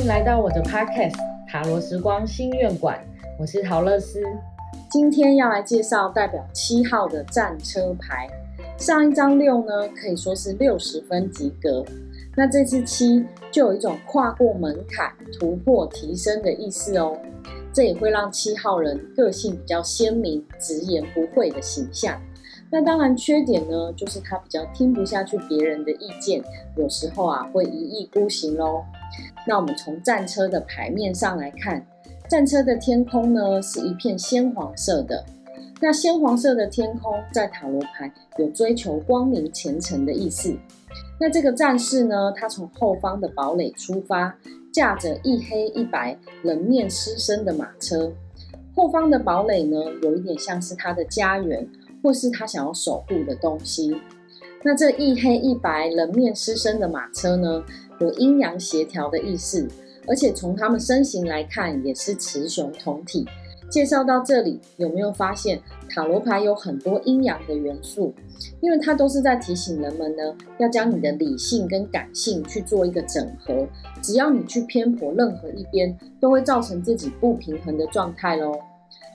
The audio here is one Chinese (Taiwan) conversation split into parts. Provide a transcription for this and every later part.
歡迎來到我的 podcast 塔羅食光心願館，我是桃樂絲。今天要來介紹代表七號的戰車牌。上一張六呢，可以說是六十分及格。那這次七就有一種跨過門檻、突破提升的意思哦。這也會讓七號人個性比較鮮明、直言不諱的形象。那當然缺點呢，就是他比較聽不下去別人的意見，有時候啊會一意孤行咯。那我們從戰車的牌面上來看，戰車的天空呢是一片鮮黃色的。那鮮黃色的天空在塔羅牌有追求光明前程的意思。那這個戰士呢，他從後方的堡壘出發，駕着一黑一白，人面獅身的馬車。後方的堡壘呢，有一點像是他的家園，或是他想要守護的東西。那這一黑一白人面獅身的馬車呢，有陰陽協調的意思，而且從他們身形來看，也是雌雄同體。介紹到這裡，有沒有發現塔羅牌有很多陰陽的元素？因為它都是在提醒人們呢，要將你的理性跟感性去做一個整合。只要你去偏頗任何一邊，都會造成自己不平衡的狀態嘍。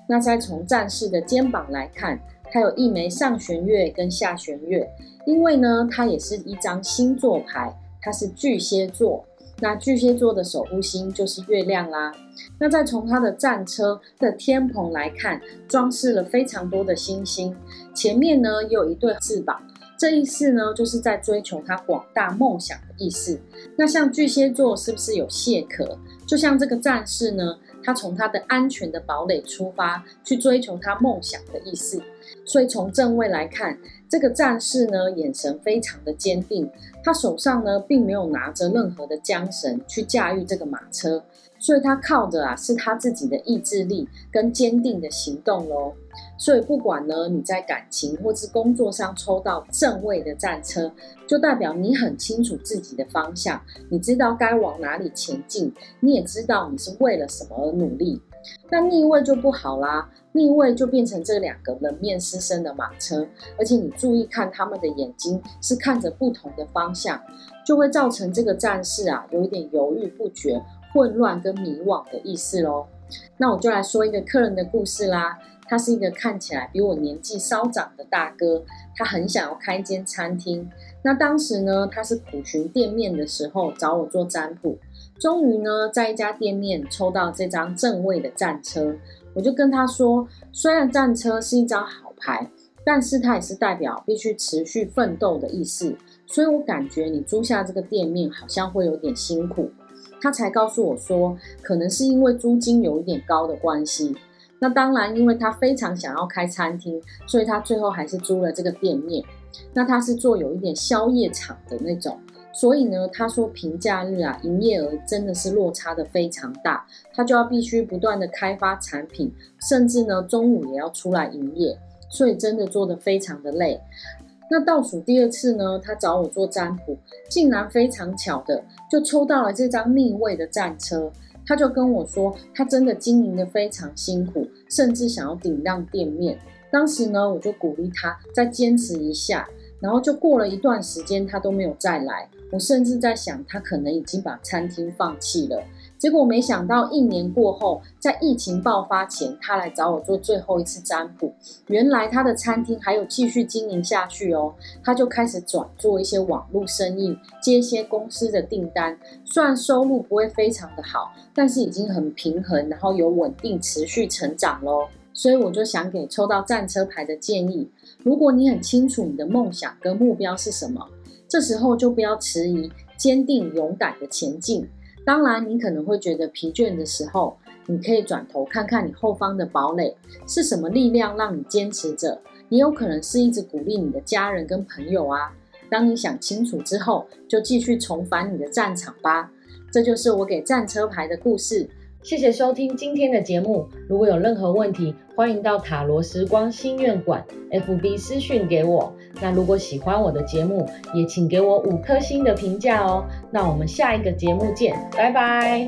那再從戰士的肩膀來看。它有一枚上弦月跟下弦月，因為呢，它也是一張星座牌，它是巨蟹座。那巨蟹座的守護星就是月亮啦。那再從它的戰車的天篷來看，裝飾了非常多的星星。前面呢也有一對翅膀，這意思呢就是在追求他廣大夢想的意思。那像巨蟹座是不是有蟹殼？就像這個戰士呢，他從他的安全的堡壘出發，去追求他夢想的意思。所以從正位來看，這個戰士呢眼神非常的堅定，他手上呢並沒有拿着任何的韁繩去駕馭這個馬車，所以他靠着啊是他自己的意志力跟堅定的行動嘍。所以不管呢你在感情或是工作上抽到正位的戰車，就代表你很清楚自己的方向，你知道該往哪裡前進，你也知道你是為了什麼而努力。那逆位就不好啦，逆位就變成這兩個人面獅身的馬車，而且你注意看他們的眼睛是看着不同的方向，就會造成這個戰士啊有一點猶豫不決、混亂跟迷惘的意思嘍。那我就來說一個客人的故事啦，他是一個看起來比我年紀稍長的大哥，他很想要開一間餐廳。那當時呢，他是苦尋店面的時候找我做占卜。終於呢，在一家店面抽到這張正位的戰車，我就跟他說，雖然戰車是一張好牌，但是它也是代表必須持續奮鬥的意思，所以我感覺你租下這個店面好像會有點辛苦。他才告訴我說，可能是因為租金有一點高的關係。那當然，因為他非常想要開餐廳，所以他最後還是租了這個店面。那他是做有一點宵夜場的那種。所以呢，他說平假日啊，營業額真的是落差的非常大，他就要必須不斷的開發產品，甚至呢，中午也要出來營業，所以真的做的非常的累。那倒數第二次呢，他找我做占卜，竟然非常巧的就抽到了這張逆位的戰車，他就跟我說，他真的經營的非常辛苦，甚至想要頂讓店面。當時呢，我就鼓勵他再堅持一下。然後就過了一段時間，他都沒有再來。我甚至在想，他可能已經把餐廳放棄了。結果沒想到，一年過後，在疫情爆發前，他來找我做最後一次占卜。原來他的餐廳還有繼續經營下去哦。他就開始轉做一些網絡生意，接一些公司的訂單。雖然收入不會非常的好，但是已經很平衡，然後有穩定持續成長嘍。所以我就想給抽到戰車牌的建議：如果你很清楚你的夢想跟目標是什麼，這時候就不要遲疑，堅定勇敢的前進。當然，你可能會覺得疲倦的時候，你可以轉頭看看你後方的堡壘是什麼力量讓你堅持着。也有可能是一直鼓勵你的家人跟朋友啊。當你想清楚之後，就繼續重返你的戰場吧。這就是我給戰車牌的故事。謝謝收聽今天的節目。如果有任何問題，歡迎到塔羅食光心願館 FB 私訊給我。那如果喜歡我的節目，也請給我五顆星的評價哦。那我們下一個節目見，拜拜。